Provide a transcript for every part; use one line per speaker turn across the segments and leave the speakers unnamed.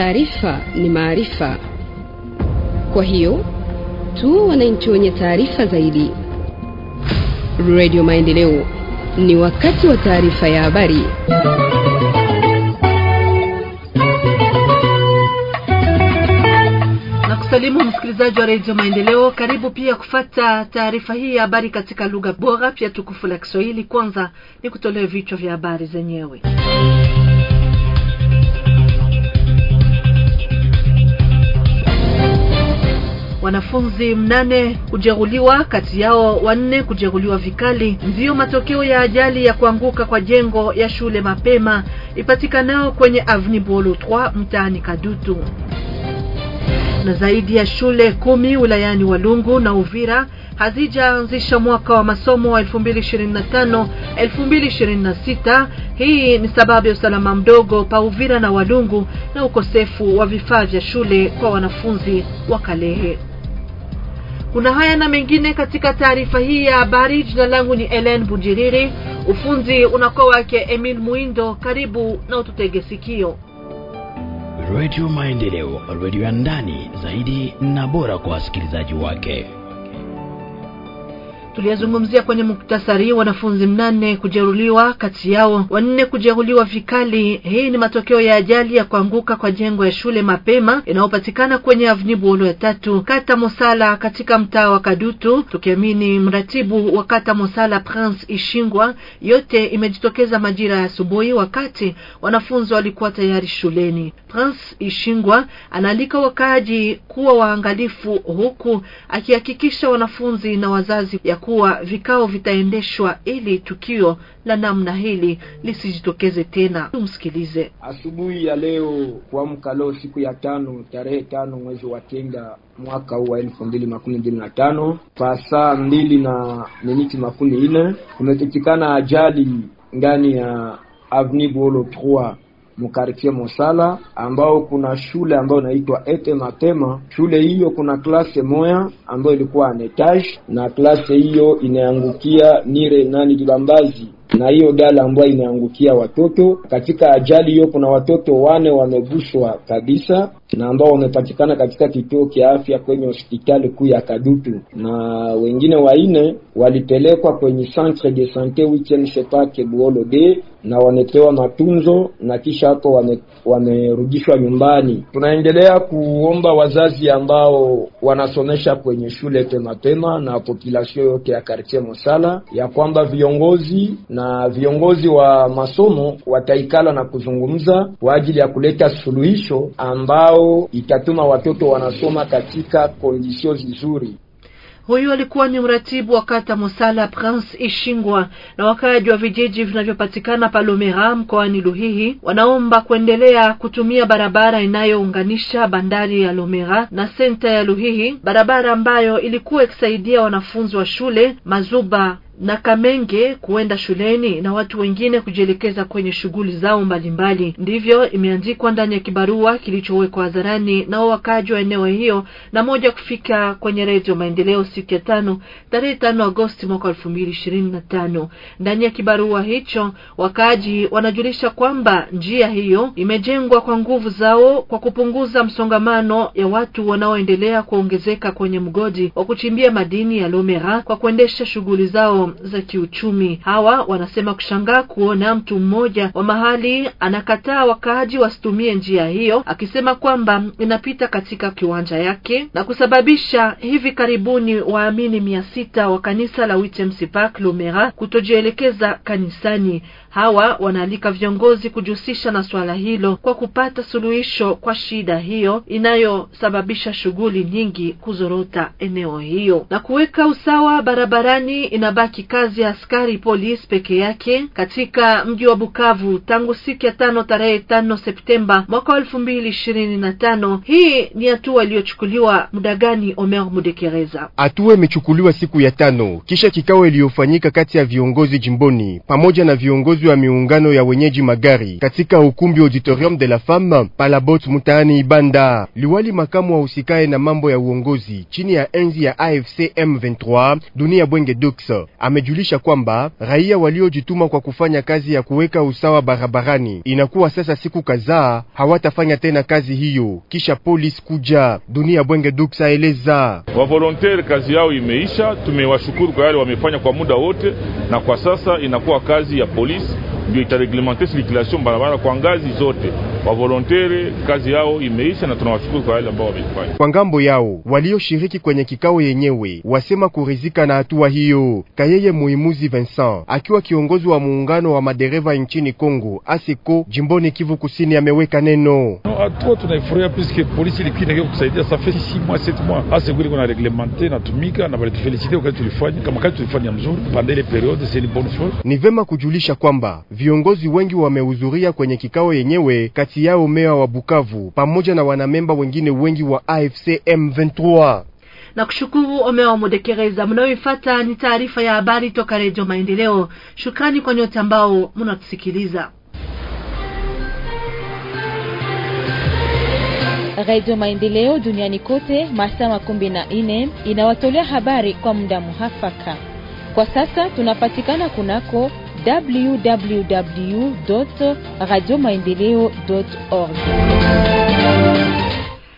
taarifa ni maarifa. Kwa hiyo tu wananchi wenye taarifa zaidi. Radio Maendeleo, ni wakati wa taarifa ya habari.
Salimu msikilizaji wa redio Maendeleo, karibu pia kufata taarifa hii ya habari katika lugha bora pia tukufu la Kiswahili. Kwanza ni kutolea vichwa vya habari zenyewe. wanafunzi mnane kujeruliwa, kati yao wanne kujeruliwa vikali. Ndiyo matokeo ya ajali ya kuanguka kwa jengo ya shule mapema ipatikanayo kwenye Avenue Bolo 3 mtaani Kadutu na zaidi ya shule kumi wilayani Walungu na Uvira hazijaanzisha mwaka wa masomo wa 2025 2026. Hii ni sababu ya usalama mdogo pa Uvira na Walungu na ukosefu wa vifaa vya shule kwa wanafunzi wa Kalehe. Kuna haya na mengine katika taarifa hii ya habari. Jina langu ni Ellen Bujiriri, ufunzi unakuwa wake Emil Muindo. Karibu na ututege sikio.
Radio Maendeleo, radio ya ndani zaidi na bora kwa wasikilizaji wake.
Tuliyazungumzia kwenye muktasari, wanafunzi mnane kujeruliwa kati yao wanne kujeruliwa vikali. Hii ni matokeo ya ajali ya kuanguka kwa jengo ya shule mapema inayopatikana kwenye avni Buolo ya tatu kata Mosala katika mtaa wa Kadutu. Tukiamini mratibu wa kata Mosala Prince Ishingwa, yote imejitokeza majira ya asubuhi wakati wanafunzi walikuwa tayari shuleni. Prince Ishingwa anaalika wakaaji kuwa waangalifu, huku akihakikisha wanafunzi na wazazi ya kuwa vikao vitaendeshwa ili tukio la namna hili lisijitokeze tena. Tumsikilize.
Asubuhi ya leo kuamka leo siku ya tano tarehe tano mwezi wa kenda mwaka huu wa elfu mbili makumi mbili na tano kwa saa mbili na miniti makumi nne kumetikikana ajali ndani ya Avenue bolo mkartie Mosala, ambao kuna shule ambayo inaitwa Ete Matema. Shule hiyo kuna klase moya ambayo ilikuwa en na klase hiyo inaangukia nire nani Dilambazi na hiyo gala ambayo imeangukia watoto katika ajali hiyo. Kuna watoto wane wamegushwa kabisa na ambao wamepatikana katika kituo cha afya kwenye hospitali kuu ya Kadutu, na wengine waine walipelekwa kwenye centre de sante huitieme sepake Buolo de na wamepewa matunzo na kisha hapo wamerudishwa wame nyumbani. Tunaendelea kuomba wazazi ambao wanasomesha kwenye shule pema pema na population yote ya quartier Mosala ya kwamba viongozi na na viongozi wa masomo wataikala na kuzungumza kwa ajili ya kuleta suluhisho ambao itatuma watoto wanasoma katika kondisio nzuri.
Huyu alikuwa ni mratibu wa kata Musala Prince Ishingwa. Na wakaaji wa vijiji vinavyopatikana Palomera mkoani Luhihi wanaomba kuendelea kutumia barabara inayounganisha bandari ya Lomera na senta ya Luhihi, barabara ambayo ilikuwa ikisaidia wanafunzi wa shule Mazuba na Kamenge kuenda shuleni na watu wengine kujielekeza kwenye shughuli zao mbalimbali. Ndivyo imeandikwa ndani ya kibarua kilichowekwa hadharani na wakaaji wa eneo hiyo na moja kufika kwenye Redio Maendeleo siku ya tano tarehe tano Agosti mwaka elfu mbili ishirini na tano. Ndani ya kibarua hicho wakaaji wanajulisha kwamba njia hiyo imejengwa kwa nguvu zao kwa kupunguza msongamano ya watu wanaoendelea kuongezeka kwenye mgodi wa kuchimbia madini ya Lomera kwa kuendesha shughuli zao za kiuchumi. Hawa wanasema kushangaa kuona mtu mmoja wa mahali anakataa wakaaji wasitumie njia hiyo, akisema kwamba inapita katika kiwanja yake na kusababisha hivi karibuni waamini mia sita wa kanisa la Witemsipak lomera Lumera kutojielekeza kanisani. Hawa wanaalika viongozi kujihusisha na swala hilo kwa kupata suluhisho kwa shida hiyo inayosababisha shughuli nyingi kuzorota eneo hiyo na kuweka usawa barabarani inabaki kikazi ya askari polisi peke yake katika mji wa Bukavu tangu siku ya tano tarehe tano Septemba mwaka elfu mbili ishirini na tano. Hii ni hatua iliyochukuliwa muda gani, Omer Mudekereza?
Hatua imechukuliwa siku ya tano kisha kikao iliyofanyika kati ya viongozi jimboni pamoja na viongozi wa miungano ya wenyeji magari katika ukumbi Auditorium de la Femme Palabot mtaani Ibanda. Liwali makamu wa usikae na mambo ya uongozi chini ya enzi ya AFC M23 Dunia Bwenge Dux amejulisha kwamba raia waliojituma kwa kufanya kazi ya kuweka usawa barabarani inakuwa sasa siku kadhaa hawatafanya tena kazi hiyo kisha polisi kuja. Dunia Bwenge Duksa eleza
wavolontaire kazi yao imeisha. Tumewashukuru kwa yale wamefanya kwa muda wote, na kwa sasa inakuwa kazi ya polisi ndio itareglementer circulation barabara kwa ngazi zote wavolonteri kazi yao imeisha, na tunawashukuru kwa yale ambao wamefanya.
Kwa ngambo yao walioshiriki kwenye kikao yenyewe wasema kurizika na hatua hiyo. Kayeye Muimuzi Vincent akiwa kiongozi wa muungano wa madereva nchini Kongo Asiko jimboni Kivu Kusini ameweka neno no,
hatua tunaifurahia piske polisi ilikuwa kusaidia safi six mois sept mois hasa kweli kuna reglemente natumika na bali tufelicite wakati tulifanya kama kazi tulifanya mzuri pande ile periode, c'est une bonne chose.
Ni vema kujulisha kwamba viongozi wengi wamehudhuria kwenye kikao yenyewe kati kati yao mewa wa Bukavu pamoja na wanamemba wengine wengi wa AFC M23.
Na kushukuru wa Modekereza. mnayoifata ni taarifa ya habari toka Redio Maendeleo. Shukrani kwa nyote ambao mnatusikiliza.
Redio Maendeleo duniani kote masaa makumi na nne inawatolea habari kwa muda muhafaka. Kwa sasa tunapatikana kunako www
radio maendeleo org.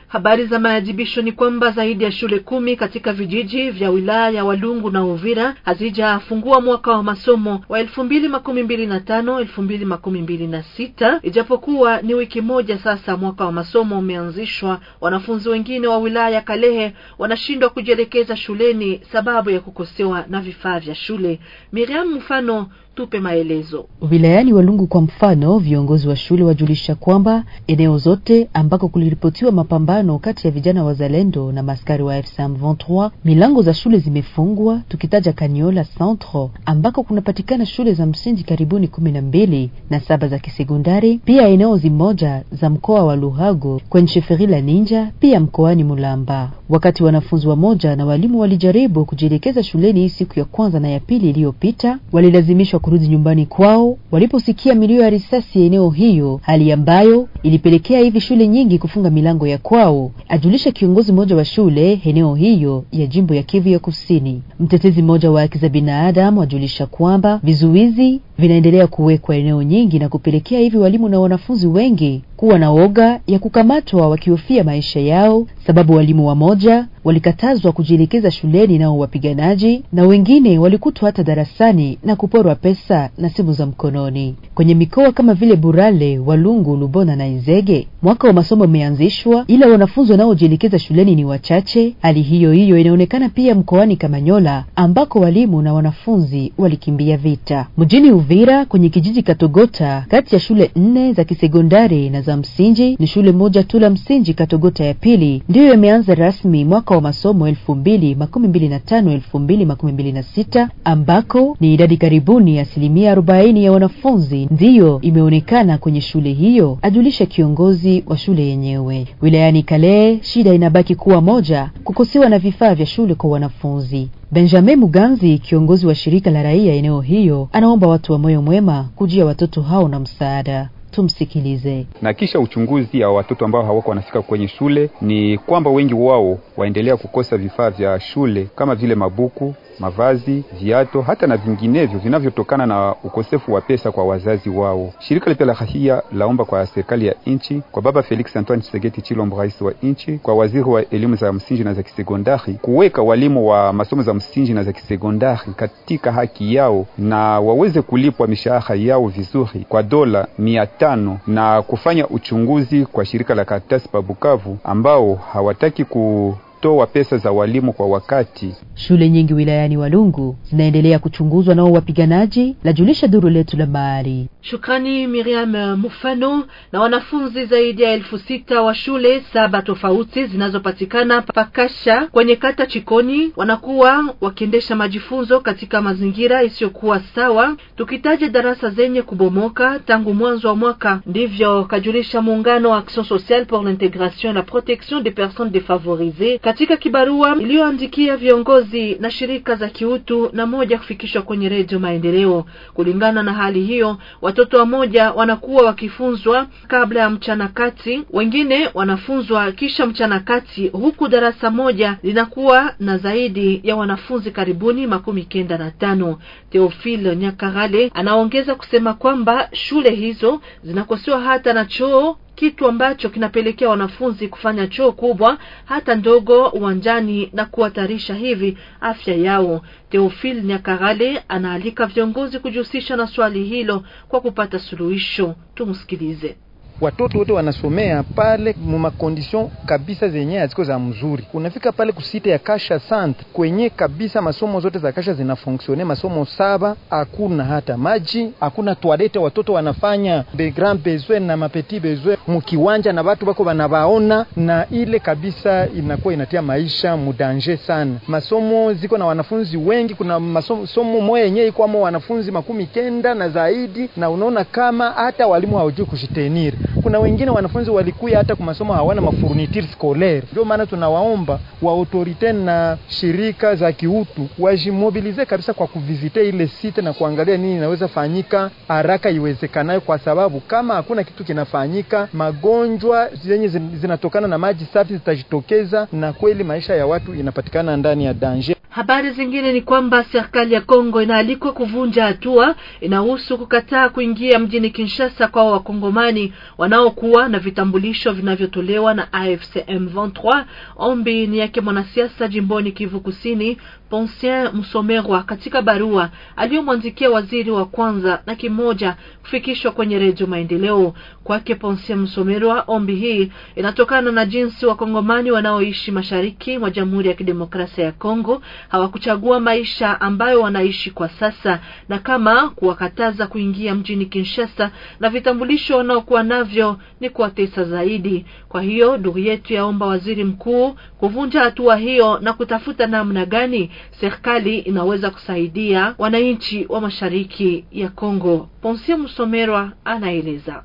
Habari za maadhibisho ni kwamba zaidi ya shule kumi katika vijiji vya wilaya ya Walungu na Uvira hazijafungua mwaka wa masomo wa elfu mbili makumi mbili na tano elfu mbili makumi mbili na sita ijapokuwa ni wiki moja sasa mwaka wa masomo umeanzishwa. Wanafunzi wengine wa wilaya ya Kalehe wanashindwa kujielekeza shuleni sababu ya kukosewa na vifaa vya shule. Miriam mfano tupe maelezo.
Wilayani Walungu kwa mfano, viongozi wa shule wajulisha kwamba eneo zote ambako kuliripotiwa mapambano kati ya vijana wazalendo na maskari wa fsm 23 milango za shule zimefungwa, tukitaja Kaniola Centre ambako kunapatikana shule za msingi karibuni kumi na mbili na saba za kisekondari, pia eneo zimoja za mkoa wa Luhago kwenye sheferi la Ninja, pia mkoani Mulamba. Wakati wanafunzi wamoja na walimu walijaribu kujielekeza shuleni hii siku ya kwanza na ya pili iliyopita, walilazimishwa kurudi nyumbani kwao waliposikia milio ya risasi ya eneo hiyo, hali ambayo ilipelekea hivi shule nyingi kufunga milango ya kwao, ajulisha kiongozi mmoja wa shule eneo hiyo ya jimbo ya Kivu ya Kusini. Mtetezi mmoja wa haki za binadamu ajulisha kwamba vizuizi vinaendelea kuwekwa eneo nyingi na kupelekea hivi walimu na wanafunzi wengi kuwa na woga ya kukamatwa wakihofia maisha yao, sababu walimu wamoja walikatazwa kujielekeza shuleni nao wapiganaji, na wengine walikutwa hata darasani na kuporwa pesa na simu za mkononi. Kwenye mikoa kama vile Burale, Walungu, Lubona na Izege, mwaka wa masomo umeanzishwa, ila wanafunzi wanaojielekeza shuleni ni wachache. Hali hiyo hiyo inaonekana pia mkoani Kamanyola ambako walimu na wanafunzi walikimbia vita mjini Uve Uvira kwenye kijiji Katogota, kati ya shule nne za kisekondari na za msingi ni shule moja tu la msingi Katogota ya pili ndiyo imeanza rasmi mwaka wa masomo elfu mbili makumi mbili na tano elfu mbili makumi mbili na sita ambako ni idadi karibuni asilimia arobaini ya wanafunzi ndiyo imeonekana kwenye shule hiyo, ajulisha kiongozi wa shule yenyewe wilayani Kale. Shida inabaki kuwa moja, kukosewa na vifaa vya shule kwa wanafunzi. Benjamin Muganzi, kiongozi wa shirika la raia eneo hiyo, anaomba watu wa moyo mwema kujia watoto hao na msaada. Tumsikilize.
Na kisha uchunguzi ya watoto ambao hawako wanafika kwenye shule ni kwamba wengi wao waendelea kukosa vifaa vya shule kama vile mabuku, mavazi, viato, hata na vinginevyo vinavyotokana na ukosefu wa pesa kwa wazazi wao. Shirika lipya la rahia laomba kwa serikali ya nchi, kwa Baba Felix Antoine chisegeti Tshilombo, rais wa nchi, kwa waziri wa elimu za msingi na za kisekondari kuweka walimu wa masomo za msingi na za kisekondari katika haki yao na waweze kulipwa mishahara yao vizuri kwa dola mia tano na kufanya uchunguzi kwa shirika la Caritas pa Bukavu ambao hawataki ku kutoa pesa za walimu kwa wakati.
Shule nyingi wilayani Walungu zinaendelea kuchunguzwa nao wapiganaji, la julisha duru letu la mahali
Shukrani Miriam Mufano. Na wanafunzi zaidi ya elfu sita wa shule saba tofauti zinazopatikana Pakasha kwenye kata Chikoni wanakuwa wakiendesha majifunzo katika mazingira isiyokuwa sawa, tukitaja darasa zenye kubomoka tangu mwanzo wa mwaka. Ndivyo kajulisha muungano wa Action Sociale pour l'Integration et la Protection des Personnes Défavorisées katika kibarua iliyoandikia viongozi na shirika za kiutu na moja kufikishwa kwenye Redio Maendeleo, kulingana na hali hiyo, watoto wa moja wanakuwa wakifunzwa kabla ya mchana kati, wengine wanafunzwa kisha mchana kati, huku darasa moja linakuwa na zaidi ya wanafunzi karibuni makumi kenda na tano. Theophile Nyakarale anaongeza kusema kwamba shule hizo zinakosewa hata na choo kitu ambacho kinapelekea wanafunzi kufanya choo kubwa hata ndogo uwanjani na kuhatarisha hivi afya yao. theofil Nyakagale anaalika viongozi kujihusisha na swali hilo kwa kupata suluhisho. Tumsikilize
watoto wote wanasomea pale mumakondision kabisa zenye aziko za mzuri. Unafika pale kusite ya Kasha Centre kwenye kabisa masomo zote za Kasha zinafonksione, masomo saba, hakuna hata maji, hakuna toilette. Watoto wanafanya de grand besoin na mapeti besoin mukiwanja na watu bako wanabaona, na ile kabisa inakuwa inatia maisha mudanje sana. Masomo ziko na wanafunzi wengi, kuna masomo moya yenye yenyewe iko wanafunzi makumi kenda na zaidi, na unaona kama hata walimu hawajui kujiteniri kuna wengine wanafunzi walikuya hata kwa masomo hawana mafurniture scolaire. Ndio maana tunawaomba wa autorite na shirika za kiutu wajimobilize kabisa kwa kuvizite ile site na kuangalia nini inaweza fanyika haraka iwezekanayo, kwa sababu kama hakuna kitu kinafanyika, magonjwa zenye zinatokana na maji safi zitajitokeza, na kweli maisha ya watu inapatikana ndani ya danger.
Habari zingine ni kwamba serikali ya Kongo inaalikwa kuvunja hatua inahusu kukataa kuingia mjini Kinshasa kwa wakongomani wanaokuwa na vitambulisho vinavyotolewa na AFC M23. Ombi ni yake mwanasiasa jimboni Kivu Kusini Poncien Msomerwa katika barua aliyomwandikia waziri wa kwanza na kimoja kufikishwa kwenye Redio Maendeleo. Kwake ponsien Msomerwa, ombi hii inatokana na jinsi wakongomani wanaoishi mashariki mwa Jamhuri ya Kidemokrasia ya Kongo hawakuchagua maisha ambayo wanaishi kwa sasa, na kama kuwakataza kuingia mjini Kinshasa na vitambulisho wanaokuwa navyo ni kuwatesa zaidi. Kwa hiyo ndugu yetu yaomba waziri mkuu kuvunja hatua hiyo na kutafuta namna gani serikali inaweza kusaidia wananchi wa mashariki ya Kongo. Ponsie Msomerwa anaeleza.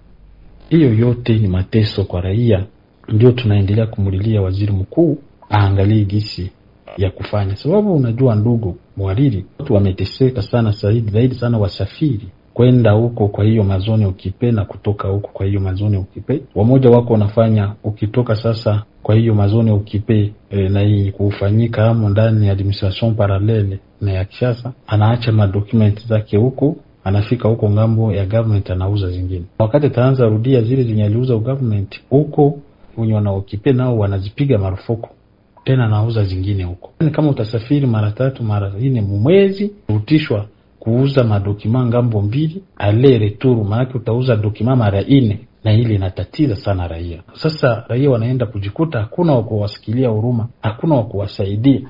Hiyo yote ni mateso kwa raia, ndio tunaendelea kumulilia waziri mkuu aangalie gisi ya kufanya, sababu unajua ndugu mwariri, watu wameteseka sana zaidi zaidi sana wasafiri kwenda huko kwa hiyo mazoni ukipe na kutoka huko kwa hiyo mazoni ukipe. Wamoja wako wanafanya ukitoka sasa kwa hiyo mazoni ukipe e, na hii kufanyika hamo ndani ya administration parallele na ya kisasa, anaacha madokumenti zake huko anafika huko ngambo ya government anauza zingine. Wakati ataanza rudia zile zenye aliuza government huko, wenye wanaokipe nao wanazipiga marufuku tena, anauza zingine huko. Yani kama utasafiri mara tatu mara nne mwezi, rutishwa kuuza madokima ngambo mbili ale returu, maanake utauza dokima mara ine, na hili inatatiza sana raia. Sasa raia wanaenda kujikuta hakuna wakuwasikilia huruma, hakuna wakuwasaidia.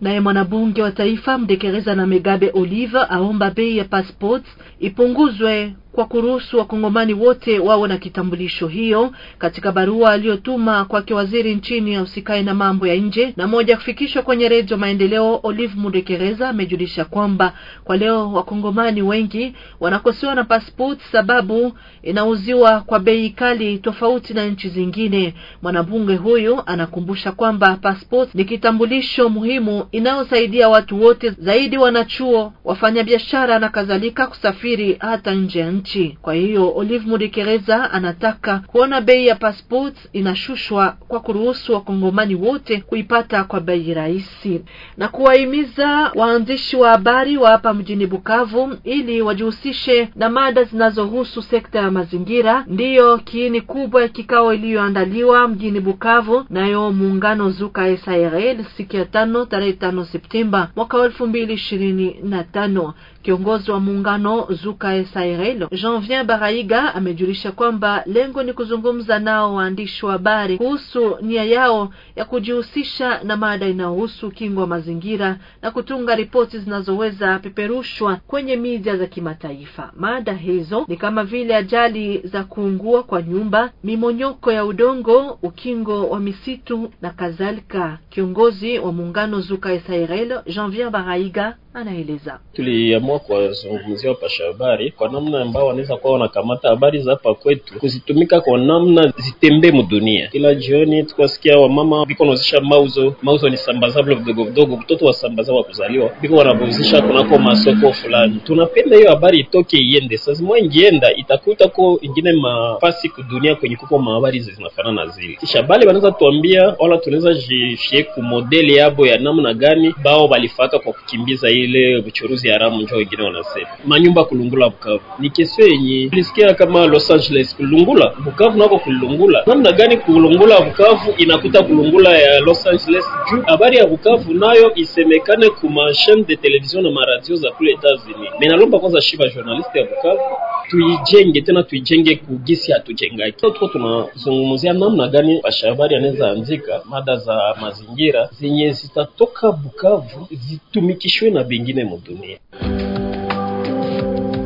Naye mwanabunge wa taifa Mdekereza na Megabe Olive aomba bei ya passports ipunguzwe kwa kuruhusu wakongomani wote wawe na kitambulisho hiyo. Katika barua aliyotuma kwake waziri nchini ya usikae na mambo ya nje na moja kufikishwa kwenye redio Maendeleo, Olive Mudekereza amejulisha kwamba kwa leo wakongomani wengi wanakosewa na passport sababu inauziwa kwa bei kali tofauti na nchi zingine. Mwanabunge huyu anakumbusha kwamba passport ni kitambulisho muhimu inayosaidia watu wote, zaidi wanachuo, wafanyabiashara na kadhalika kusafiri kusafiri hata nje ya nchi. Kwa hiyo Olive Mudekereza anataka kuona bei ya passport inashushwa kwa kuruhusu wakongomani wote kuipata kwa bei rahisi, na kuwahimiza waandishi wa habari wa hapa mjini Bukavu ili wajihusishe na mada zinazohusu sekta ya mazingira. Ndiyo kiini kubwa ya kikao iliyoandaliwa mjini Bukavu nayo muungano Zuka SARL siku ya tano tarehe tano Septemba mwaka elfu mbili ishirini na tano. Kiongozi wa muungano Zukae Sairelo. Janvien Baraiga amejulisha kwamba lengo ni kuzungumza nao waandishi wa habari kuhusu nia yao ya kujihusisha na mada inayohusu ukingo wa mazingira na kutunga ripoti zinazoweza peperushwa kwenye media za kimataifa. Mada hizo ni kama vile ajali za kuungua kwa nyumba, mimonyoko ya udongo, ukingo wa misitu na kadhalika. Kiongozi wa muungano Zukae Sairelo Janvier Baraiga anaeleza.
Tuliamua kuwazungumzia wapasha habari kwa namna ambao wanaweza kuwa wanakamata habari za hapa kwetu kuzitumika kwa namna zitembee mudunia Kila jioni tukasikia wamama biko wanauzisha mauzo. Mauzo ni sambazablo vidogo vidogo, mtoto sambaza wa kuzaliwa biko wanavuzisha kunako masoko fulani. Tunapenda hiyo habari itoke iende, saa ingienda itakuta ko ingine mafasi kudunia kwenye kuko mahabari zinafanana zile, kisha bali wanaweza tuambia, wala tunaweza jifie kumodeli yabo ya namna gani bao walifata kwa kukimbiza hii ile uchuruzi haramu njo wengine wanasema manyumba kulungula Bukavu ni kesi yenye nisikia kama Los Angeles kulungula Bukavu nako kulungula namna gani kulungula Bukavu inakuta kulungula ya Los Angeles juu habari ya Bukavu nayo isemekane kuma chaine de television na maradio za kule Etats-Unis. Menalomba kwanza shiba journaliste ya Bukavu tuijenge tena tuijenge kugisi hatujengaki. Tuko tunazungumzia namna gani bashabari anaweza anzika mada za mazingira zenye zitatoka Bukavu zitumikishwe na bengine mudunia.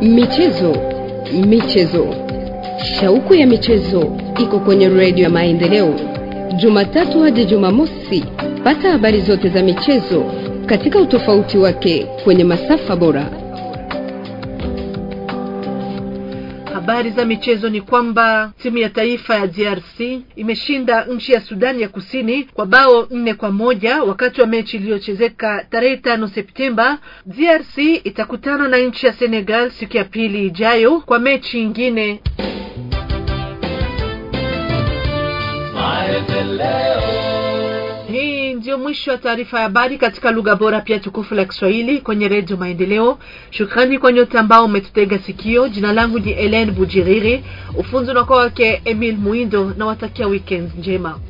Michezo, michezo, shauku ya michezo iko kwenye redio ya Maendeleo, Jumatatu hadi Jumamosi. Pata habari zote za michezo katika utofauti wake kwenye masafa bora.
habari za michezo ni kwamba timu ya taifa ya DRC imeshinda nchi ya Sudani ya Kusini kwa bao nne kwa moja wakati wa mechi iliyochezeka tarehe tano Septemba. DRC itakutana na nchi ya Senegal siku ya pili ijayo kwa mechi ingine. mwisho wa taarifa ya habari katika lugha bora pia tukufu la Kiswahili kwenye Redio Maendeleo. Shukrani kwa nyote ambao umetutega sikio. Jina langu ni Helen Bujiriri, ufunzi unakuwa wake Emil Muindo, na watakia weekend njema.